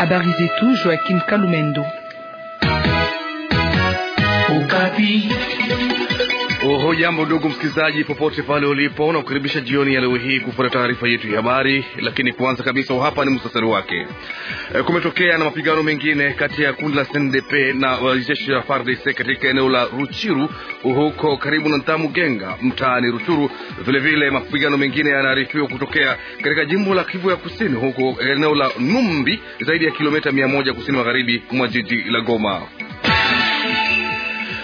Habari zetu Joaquim Kalumendo. Ukapi. Oho, jambo ndugu msikilizaji, popote pale ulipo, na kukaribisha jioni ya leo hii kufuata taarifa yetu ya habari. Lakini kwanza kabisa, hapa ni msasari wake. E, kumetokea na mapigano mengine kati ya kundi la SNDP na jeshi la FARDC katika eneo la Ruchiru huko karibu na Ntamugenga mtaani Ruchuru. Vilevile mapigano mengine yanaarifiwa kutokea katika jimbo la Kivu ya Kusini huko eneo la Numbi, zaidi ya kilomita mia moja kusini magharibi mwa jiji la Goma.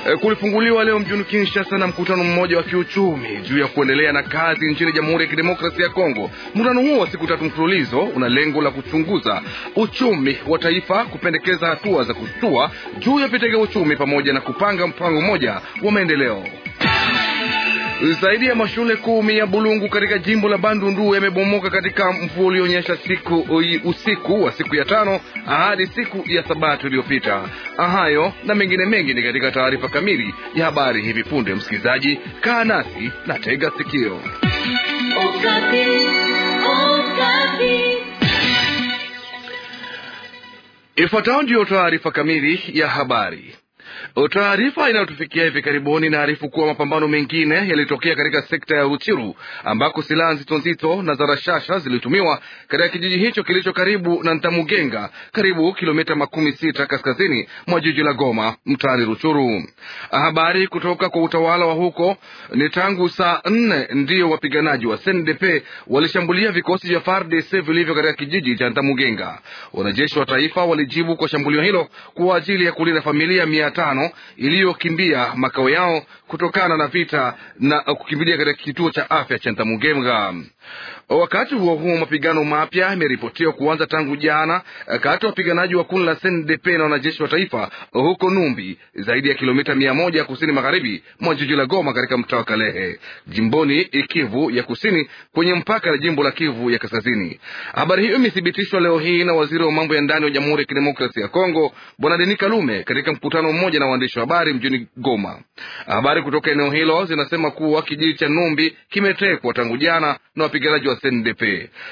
Eh, kulifunguliwa leo mjini Kinshasa na mkutano mmoja wa kiuchumi juu ya kuendelea na kazi nchini Jamhuri ya Kidemokrasia ya Kongo. Mkutano huo wa siku tatu mfululizo una lengo la kuchunguza uchumi wa taifa, kupendekeza hatua za kutua juu ya vitega uchumi, pamoja na kupanga mpango mmoja wa maendeleo. Zaidi ya mashule kumi ya Bulungu katika jimbo la Bandundu yamebomoka katika mvua ulionyesha siku usiku wa siku ya tano hadi siku ya Sabato iliyopita. Hayo na mengine mengi ni katika taarifa kamili ya habari hivi punde. Msikilizaji, kaa nasi na tega sikio. Okapi, Okapi. Ifuatayo ndiyo taarifa kamili ya habari. Taarifa inayotufikia hivi karibuni inaarifu kuwa mapambano mengine yalitokea katika sekta ya ruchuru ambako silaha nzito nzito na za rashasha zilitumiwa katika kijiji hicho kilicho karibu na Ntamugenga, karibu kilomita makumi sita kaskazini mwa jiji la Goma, mtaani Ruchuru. Habari kutoka kwa utawala wa huko ni tangu saa nne ndiyo wapiganaji wa SNDP walishambulia vikosi vya FARDC vilivyo katika kijiji cha Ntamugenga. Wanajeshi wa taifa walijibu kwa shambulio hilo kwa ajili ya kulinda familia mia tano iliyokimbia makao yao kutokana na vita na kukimbilia katika kituo cha afya cha Ntamugemga. Wakati huo huo, mapigano mapya yameripotiwa kuanza tangu jana eh, kati ya wapiganaji wa kundi la SNDP na wanajeshi wa taifa huko Numbi, zaidi ya kilomita mia moja kusini magharibi mwa jiji la Goma, katika mtaa wa Kalehe, jimboni Kivu ya kusini, kwenye mpaka la jimbo la Kivu ya kaskazini. Habari hiyo imethibitishwa leo hii na waziri wa mambo ya ndani wa Jamhuri ya Kidemokrasia ya Kongo, Bwana Denis Kalume, katika mkutano mmoja na waandishi wa habari mjini Goma. habari kutoka eneo hilo zinasema kuwa kijiji cha Numbi kimetekwa tangu jana na wapiganaji wa CNDP.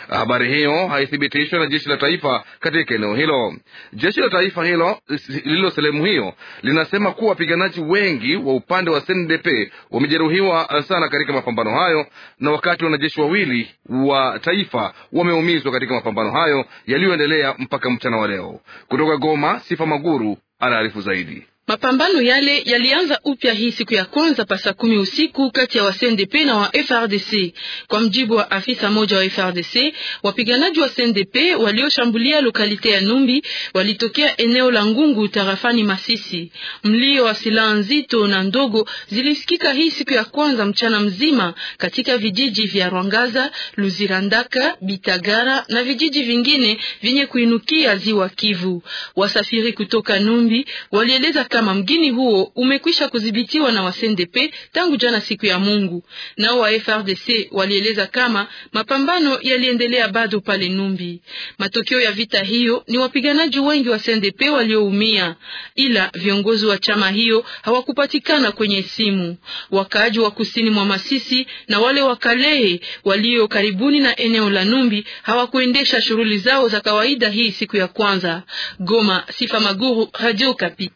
Habari hiyo haithibitishwa na jeshi la taifa katika eneo hilo. Jeshi la taifa hilo lililo sehemu hiyo linasema kuwa wapiganaji wengi wa upande wa CNDP wamejeruhiwa sana katika mapambano hayo, na wakati wanajeshi wawili wa taifa wameumizwa katika mapambano hayo yaliyoendelea mpaka mchana wa leo. Kutoka Goma, Sifa Maguru anaarifu zaidi. Mapambano yale yalianza upya hii siku ya kwanza pasa kumi usiku kati ya wasNDP na wa FRDC. Kwa mjibu wa afisa moja wa FRDC, wapiganaji wa SNDP walioshambulia lokalite ya Numbi walitokea eneo la Ngungu tarafani Masisi. Mlio wa silaha nzito na ndogo zilisikika hii siku ya kwanza mchana mzima katika vijiji vya Rwangaza, Luzirandaka, Bitagara na vijiji vingine vyenye kuinukia ziwa Kivu. Wasafiri kutoka Numbi walieleza kama mgini huo umekwisha kudhibitiwa na wasndp tangu jana siku ya Mungu. Nao wa FRDC walieleza kama mapambano yaliendelea bado pale Numbi. Matokeo ya vita hiyo ni wapiganaji wengi wa SNDP walioumia, ila viongozi wa chama hiyo hawakupatikana kwenye simu. Wakaaji wa kusini mwa Masisi na wale wa Kalehe walio karibuni na eneo la Numbi hawakuendesha shughuli zao za kawaida hii siku ya kwanza. Goma, Sifa Maguru, Radio Kapi.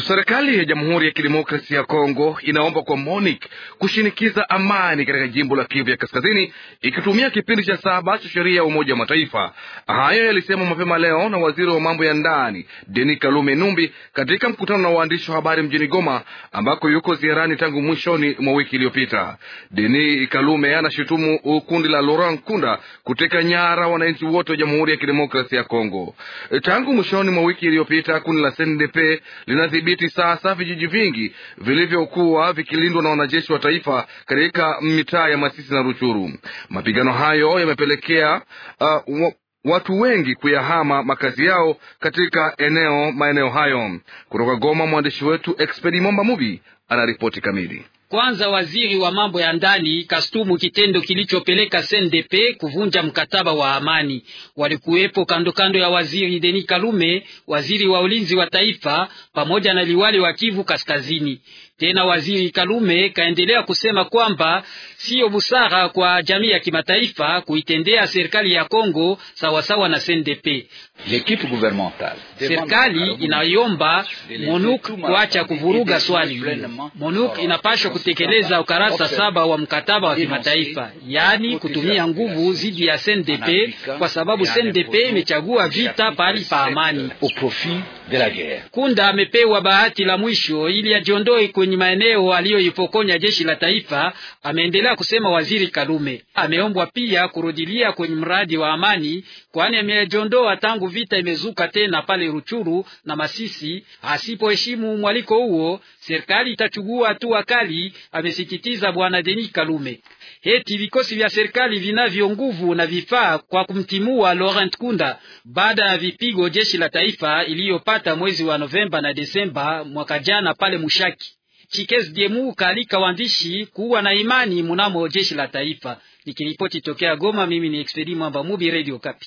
Serikali ya Jamhuri ya Kidemokrasia ya Kongo inaomba kwa monic kushinikiza amani katika jimbo la Kivu ya Kaskazini, ikitumia kipindi cha saba cha sheria ya Umoja wa Mataifa. Hayo yalisema mapema leo na waziri wa mambo ya ndani Denis Kalume Numbi katika mkutano na waandishi wa habari mjini Goma, ambako yuko ziarani tangu mwishoni mwa wiki iliyopita. Denis Kalume anashutumu kundi la Laurent kunda kuteka nyara wananchi wote wa Jamhuri ya Kidemokrasia ya Kongo tangu mwishoni mwa wiki iliyopita. Kundi la CNDP lina kudhibiti sasa vijiji vingi vilivyokuwa vikilindwa na wanajeshi wa taifa katika mitaa ya Masisi na Ruchuru. Mapigano hayo yamepelekea uh, watu wengi kuyahama makazi yao katika eneo maeneo hayo. Kutoka Goma, mwandishi wetu Expedi Momba Mubi anaripoti kamili. Kwanza waziri wa mambo ya ndani kastumu kitendo kilichopeleka SNDP kuvunja mkataba wa amani. Walikuwepo kando kando ya waziri Denis Kalume, waziri wa ulinzi wa taifa pamoja na liwali wa Kivu Kaskazini. Tena waziri Kalume kaendelea kusema kwamba siyo busara kwa jamii ya kimataifa kuitendea serikali ya Kongo sawasawa na CNDP. Serikali inayomba MONUC kuacha kuvuruga swali. MONUC inapashwa kutekeleza ukarasa saba wa mkataba wa kimataifa, yaani kutumia nguvu zidi ya CNDP kwa sababu CNDP imechagua vita pahali pa amani de la guerre. Kunda amepewa bahati la mwisho ili ajiondoe kwenye maeneo aliyoipokonya jeshi la taifa, ameendelea kusema waziri Kalume. Ameombwa pia kurudilia kwenye mradi wa amani kwani amejiondoa tangu vita imezuka tena pale Ruchuru na Masisi. Asipoheshimu mwaliko huo, serikali itachugua hatua kali, amesikitiza bwana Denis Kalume. Heti vikosi vya serikali vinavyo nguvu na vifaa kwa kumtimua Laurent Kunda baada ya vipigo jeshi la taifa iliyopata mwezi wa Novemba na Desemba mwaka jana pale Mushaki. Chikes Diemu kaalika waandishi kuwa na imani mnamo jeshi la taifa. Nikiripoti tokea Goma, mimi ni Expedi Mwamba Mubi, Radio Kapi.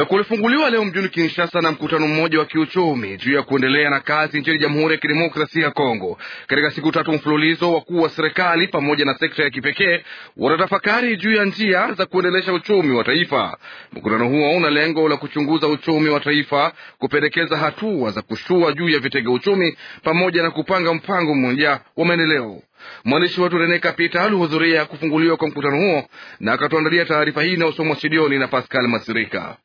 Eh, kulifunguliwa leo mjini Kinshasa na mkutano mmoja wa kiuchumi juu ya kuendelea na kazi nchini Jamhuri ya Kidemokrasia ya Kongo. Katika siku tatu mfululizo, wakuu wa serikali pamoja na sekta ya kipekee wanatafakari juu ya njia za kuendelesha uchumi wa taifa. Mkutano huo una lengo la kuchunguza uchumi wa taifa, kupendekeza hatua za kushua juu ya vitega uchumi, pamoja na kupanga mpango mmoja wa maendeleo. Mwandishi wetu Rene Kapita alihudhuria kufunguliwa kwa mkutano huo na akatuandalia taarifa hii inayosomwa studioni na Pascal Masirika.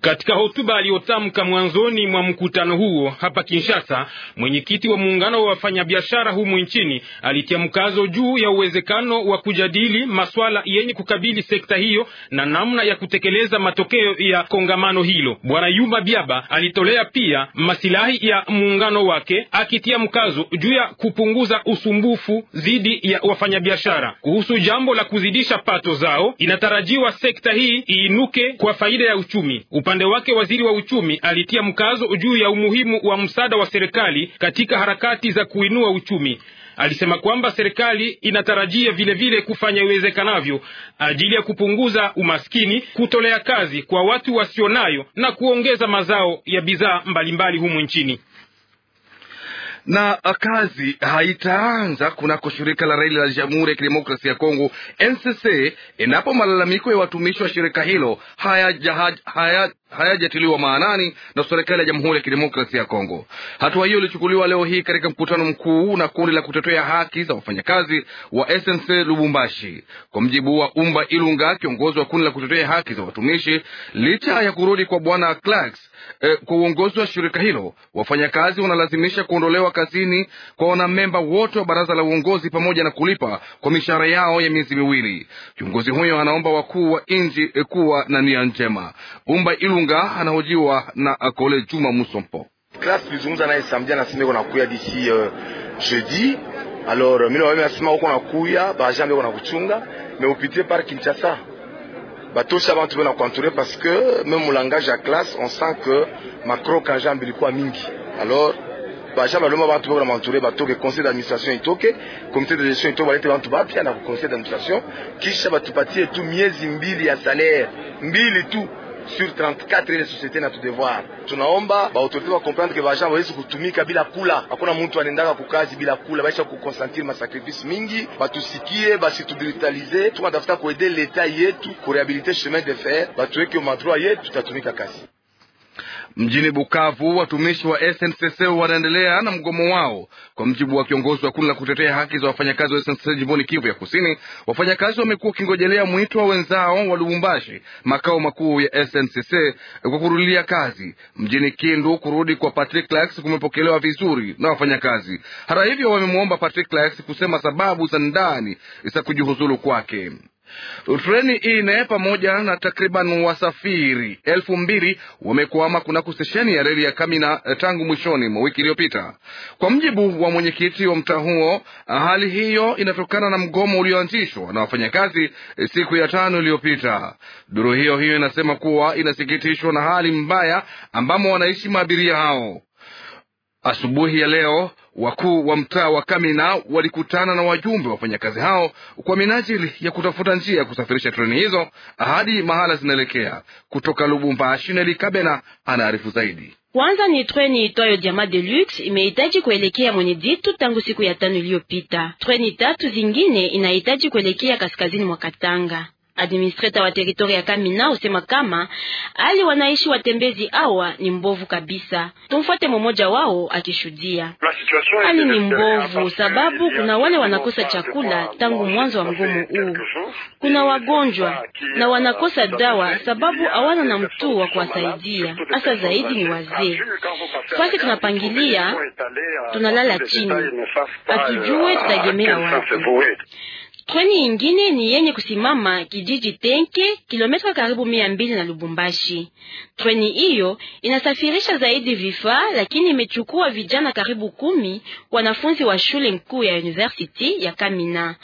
Katika hotuba aliyotamka mwanzoni mwa mkutano huo hapa Kinshasa, mwenyekiti wa muungano wa wafanyabiashara humu nchini alitia mkazo juu ya uwezekano wa kujadili maswala yenye kukabili sekta hiyo na namna ya kutekeleza matokeo ya kongamano hilo. Bwana Yuma Biaba alitolea pia masilahi ya muungano wake, akitia mkazo juu ya kupunguza usumbufu dhidi ya wafanyabiashara kuhusu jambo la kuzidisha pato zao. Inatarajiwa sekta hii iinuke kwa faida ya uchumi Upa upande wake waziri wa uchumi alitia mkazo juu ya umuhimu wa msaada wa serikali katika harakati za kuinua uchumi. Alisema kwamba serikali inatarajia vilevile vile kufanya iwezekanavyo ajili ya kupunguza umaskini, kutolea kazi kwa watu wasionayo na kuongeza mazao ya bidhaa mbalimbali humu nchini na uh, kazi haitaanza kunako shirika la reli la Jamhuri ya Kidemokrasia ya Kongo NCC endapo malalamiko ya watumishi wa shirika hilo hayajatiliwa haya, haya maanani na serikali ya Jamhuri ya Kidemokrasia ya Kongo. Hatua hiyo ilichukuliwa leo hii katika mkutano mkuu na kundi la kutetea haki za wafanyakazi wa SNC Lubumbashi. Kwa mjibu wa Umba Ilunga, kiongozi wa kundi la kutetea haki za watumishi, licha ya kurudi kwa bwana Clarks eh, kwa uongozi wa shirika hilo, wafanyakazi wanalazimisha kuondolewa kutoa kazini kwa wanamemba wote wa baraza la uongozi pamoja na kulipa kwa mishahara yao ya miezi miwili. Kiongozi huyo anaomba wakuu wa nji eh, kuwa na nia njema. Umba Ilunga anahojiwa na eh, Kole Juma Musompo. Klas tulizungumza naye samedi, anasema iko nakuya disi uh, jeudi uko nakuya me upitie par Kinshasa batosha bantu kuantoure parce que ya on sent que mingi alors baja balomba bantu bako na batoke conseil d'administration itoke comité de gestion itoke balete bantu bapya na conseil d'administration kisha batupatie tu miezi mbili ya salaire mbili tu sur 34 ile societe na tudevoir tunaomba baautorite wakomprendre ke bajan bawezi kutumika bila kula. Hakuna muntu anendaka kukazi bila kula, baisha kukonsentir masakrifisi mingi. Batusikie, basitudritalize, tunatafuta kuede leta yetu kurehabilite chemin de fer, batuweke madroit yetu, tatumika kazi Mjini Bukavu, watumishi wa SNCC wanaendelea na mgomo wao. Kwa mjibu wa kiongozi wa kundi la kutetea haki za wafanyakazi wa SNCC jimboni Kivu ya Kusini, wafanyakazi wamekuwa wakingojelea mwito wa wenzao wa Lubumbashi, makao makuu ya SNCC, kwa kurudilia kazi. Mjini Kindu, kurudi kwa Patrick Lax kumepokelewa vizuri na wafanyakazi. Hata hivyo, wamemwomba Patrick Lax kusema sababu za ndani za kujihuzulu kwake. Treni ine pamoja na takriban wasafiri elfu mbili wamekwama kunako stesheni ya reli ya Kamina eh, tangu mwishoni mwa wiki iliyopita, kwa mjibu wa mwenyekiti wa mtaa huo. Hali hiyo inatokana na mgomo ulioanzishwa na wafanyakazi eh, siku ya tano iliyopita. Duru hiyo hiyo inasema kuwa inasikitishwa na hali mbaya ambamo wanaishi maabiria hao. Asubuhi ya leo wakuu wa mtaa wa Kamina walikutana na wajumbe wa wafanyakazi hao kwa minajili ya kutafuta njia ya kusafirisha treni hizo hadi mahala zinaelekea. Kutoka Lubumbashi, Neli Kabena anaarifu zaidi. Kwanza ni treni itwayo Diamant de Luxe imehitaji kuelekea Mweneditu tangu siku ya tano iliyopita. Treni tatu zingine inahitaji kuelekea kaskazini mwa Katanga. Administrator wa teritori ya Kamina usema kama hali wanaishi watembezi hawa ni mbovu kabisa. Tumfuate mmoja wao akishuhudia. Hali ni mbovu sababu kuna wale wanakosa chakula tangu mwanzo wa mgomo huu, kuna wagonjwa na wanakosa dawa sababu hawana na mtu wa kuwasaidia, hasa zaidi ni wazee. Fasi tunapangilia euh, tunalala chini, hatujue euh, tutaegemea wapi. Treni ingine ni yenye kusimama kijiji Tenke, kilomita karibu mia mbili na Lubumbashi. Treni hiyo inasafirisha zaidi vifaa, lakini imechukua vijana karibu kumi, wanafunzi wa shule mkuu ya university ya Kamina.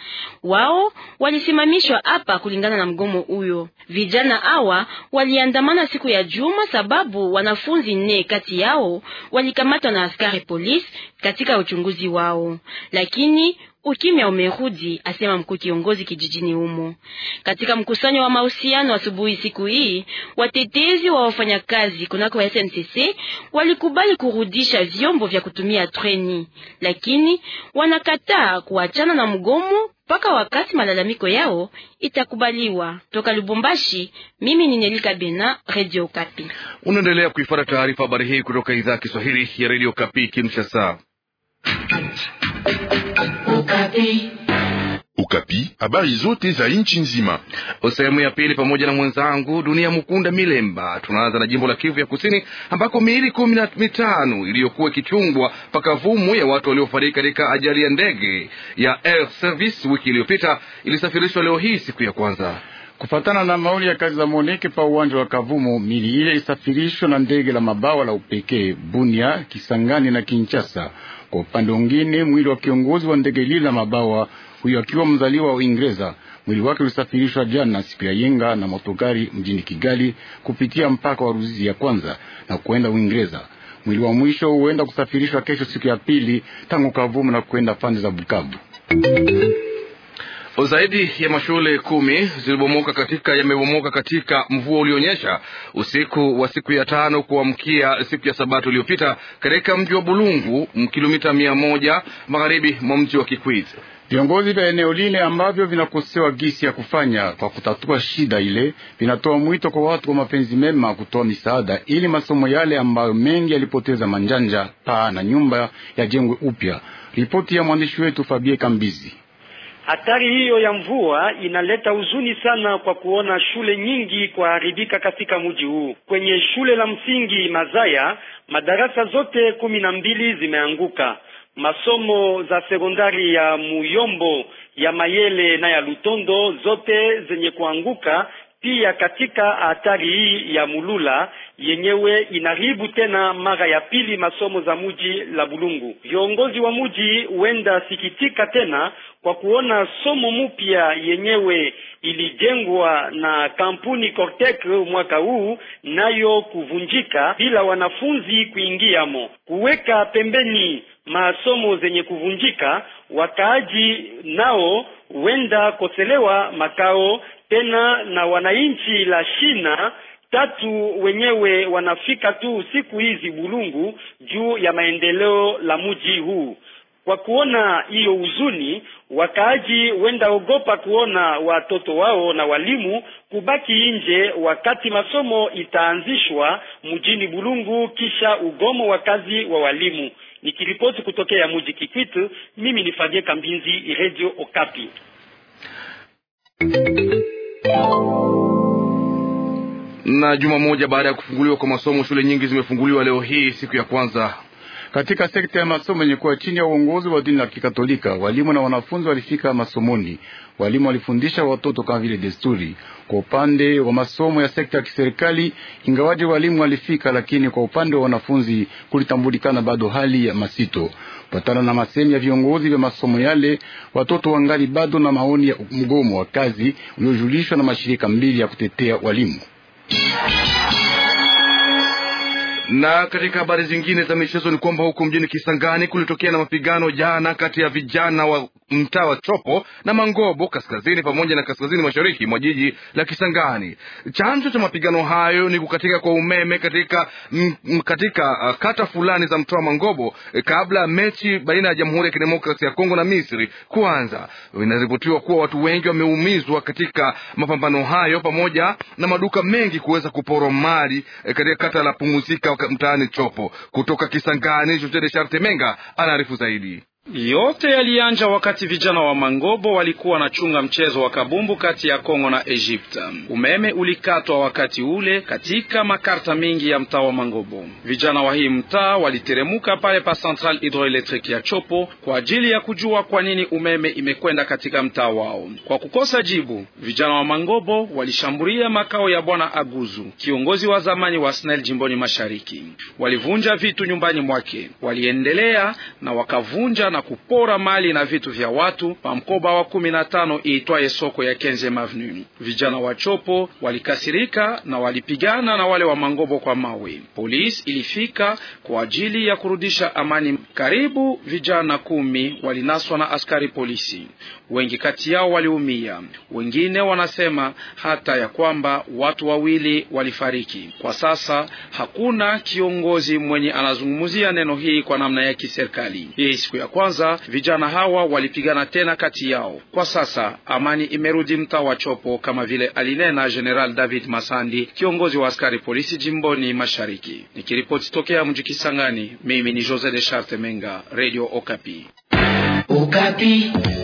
Wao walisimamishwa hapa kulingana na mgomo huyo. Vijana hawa waliandamana siku ya Juma sababu wanafunzi nne kati yao walikamatwa na askari polisi katika uchunguzi wao, lakini Ukimya umerudi, asema mkuu kiongozi kijijini humo. Katika mkusanyo wa mahusiano asubuhi siku hii, watetezi wa wafanyakazi kunako SNCC walikubali kurudisha vyombo vya kutumia treni, lakini wanakataa kuachana na mgomo mpaka wakati malalamiko yao itakubaliwa. Toka Lubumbashi, mimi ni Nelika Bena, Radio Kapi. Unaendelea kuifuata taarifa habari hii kutoka idhaa ya Kiswahili ya Radio Kapi Kinshasa. Ukapi. Ukapi, habari zote za nchi nzima. Sehemu ya pili pamoja na mwenzangu Dunia Mukunda Milemba. Tunaanza na jimbo la Kivu ya Kusini ambako miili kumi na mitano iliyokuwa ikichungwa pakavumu ya watu waliofariki katika ajali ya ndege ya Air Service wiki iliyopita ilisafirishwa leo hii siku ya kwanza. Kufatana na maoni ya kazi za moneke pa uwanja wa Kavumo, mili ile isafirishwa na ndege la mabawa la upekee Bunia, Kisangani na Kinshasa. Kwa upande mwingine, mwili wa kiongozi wa ndege lile la mabawa huyo akiwa mzaliwa wa Uingereza, mwili wake ulisafirishwa jana siku ya yenga na motogari mjini Kigali kupitia mpaka wa Ruzizi ya kwanza na kuenda Uingereza. Mwili wa mwisho huenda kusafirishwa kesho siku ya pili tangu Kavumo na kuenda pande za Bukavu. Zaidi ya mashule kumi zilibomoka katika yamebomoka katika mvua ulionyesha usiku wa siku ya tano kuamkia siku ya sabato iliyopita katika mji wa Bulungu, kilomita mia moja magharibi mwa mji wa Kikwit. Viongozi vya eneo lile ambavyo vinakosewa gisi ya kufanya kwa kutatua shida ile, vinatoa mwito kwa watu wa mapenzi mema kutoa misaada ili masomo yale ambayo mengi yalipoteza manjanja, paa na nyumba yajengwe upya. Ripoti ya mwandishi wetu Fabie Kambizi. Hatari hiyo ya mvua inaleta huzuni sana kwa kuona shule nyingi kuharibika katika mji huu. Kwenye shule la msingi Mazaya, madarasa zote kumi na mbili zimeanguka. Masomo za sekondari ya Muyombo, ya Mayele na ya Lutondo zote zenye kuanguka pia katika hatari hii ya Mulula yenyewe inaribu tena mara ya pili masomo za muji la Bulungu. Viongozi wa muji huenda sikitika tena kwa kuona somo mpya yenyewe ilijengwa na kampuni Cortec mwaka huu nayo kuvunjika bila wanafunzi kuingiamo. Kuweka pembeni masomo zenye kuvunjika, wakaaji nao wenda koselewa makao tena na wananchi la shina tatu wenyewe wanafika tu siku hizi Bulungu juu ya maendeleo la mji huu. Kwa kuona hiyo huzuni, wakaaji wenda ogopa kuona watoto wao na walimu kubaki nje wakati masomo itaanzishwa mjini Bulungu, kisha ugomo wa kazi wa walimu. Nikiripoti kutokea mji Kikwitu, mimi ni Fadie Kambinzi, Radio Okapi. Na juma moja baada ya kufunguliwa kwa masomo, shule nyingi zimefunguliwa leo hii siku ya kwanza katika sekta ya masomo yenye kuwa chini ya uongozi wa dini la Kikatolika, walimu na wanafunzi walifika masomoni. Walimu walifundisha watoto kama vile desturi. Kwa upande wa masomo ya sekta ya kiserikali, ingawaje walimu walifika, lakini kwa upande wa wanafunzi kulitambulikana bado hali ya masito. Patana na masemi ya viongozi vya masomo yale, watoto wangali bado na maoni ya mgomo wa kazi uliojulishwa na mashirika mbili ya kutetea walimu. Na katika habari zingine za michezo ni kwamba huko mjini Kisangani kulitokea na mapigano jana kati ya vijana wa mtaa wa Chopo na Mangobo kaskazini pamoja na kaskazini mashariki mwa jiji la Kisangani. Chanzo cha mapigano hayo ni kukatika kwa umeme katika, m, m, katika uh, kata fulani za mtaa wa Mangobo eh, kabla ya mechi baina ya Jamhuri ya kidemokrasi ya Kongo na Misri kuanza. Inaripotiwa kuwa watu wengi wameumizwa katika mapambano hayo pamoja na maduka mengi kuweza kuporwa mali eh, katika kata la Pumuzika mtaani Chopo. Kutoka Kisangani, Jose Sharte Menga anaarifu zaidi. Yote yalianja wakati vijana wa Mangobo walikuwa na chunga mchezo wa kabumbu kati ya Kongo na Egypt. Umeme ulikatwa wakati ule katika makarta mingi ya mtaa wa Mangobo. Vijana wa hii mtaa waliteremuka pale pa Central Hydroelectric ya Chopo kwa ajili ya kujua kwa nini umeme imekwenda katika mtaa wao. Kwa kukosa jibu, vijana wa Mangobo walishambulia makao ya bwana Aguzu, kiongozi wa zamani wa SNEL jimboni Mashariki. Walivunja vitu nyumbani mwake, waliendelea na wakavunja na kupora mali na vitu vya watu pa mkoba wa kumi na tano iitwaye soko ya Kenze Avenue. Vijana wa Chopo walikasirika na walipigana na wale wa Mangobo kwa mawe. Polisi ilifika kwa ajili ya kurudisha amani. Karibu vijana kumi walinaswa na askari polisi, wengi kati yao waliumia, wengine wanasema hata ya kwamba watu wawili walifariki. Kwa sasa hakuna kiongozi mwenye anazungumzia neno hii kwa namna ya kiserikali. Hii siku ya kwanza kwanza, vijana hawa walipigana tena kati yao. Kwa sasa amani imerudi mtaa wa Chopo, kama vile alinena General David Masandi, kiongozi wa askari polisi jimboni mashariki. Nikiripoti tokea mji Kisangani, mimi ni Jose de Charte Menga, Radio Okapi, Okapi.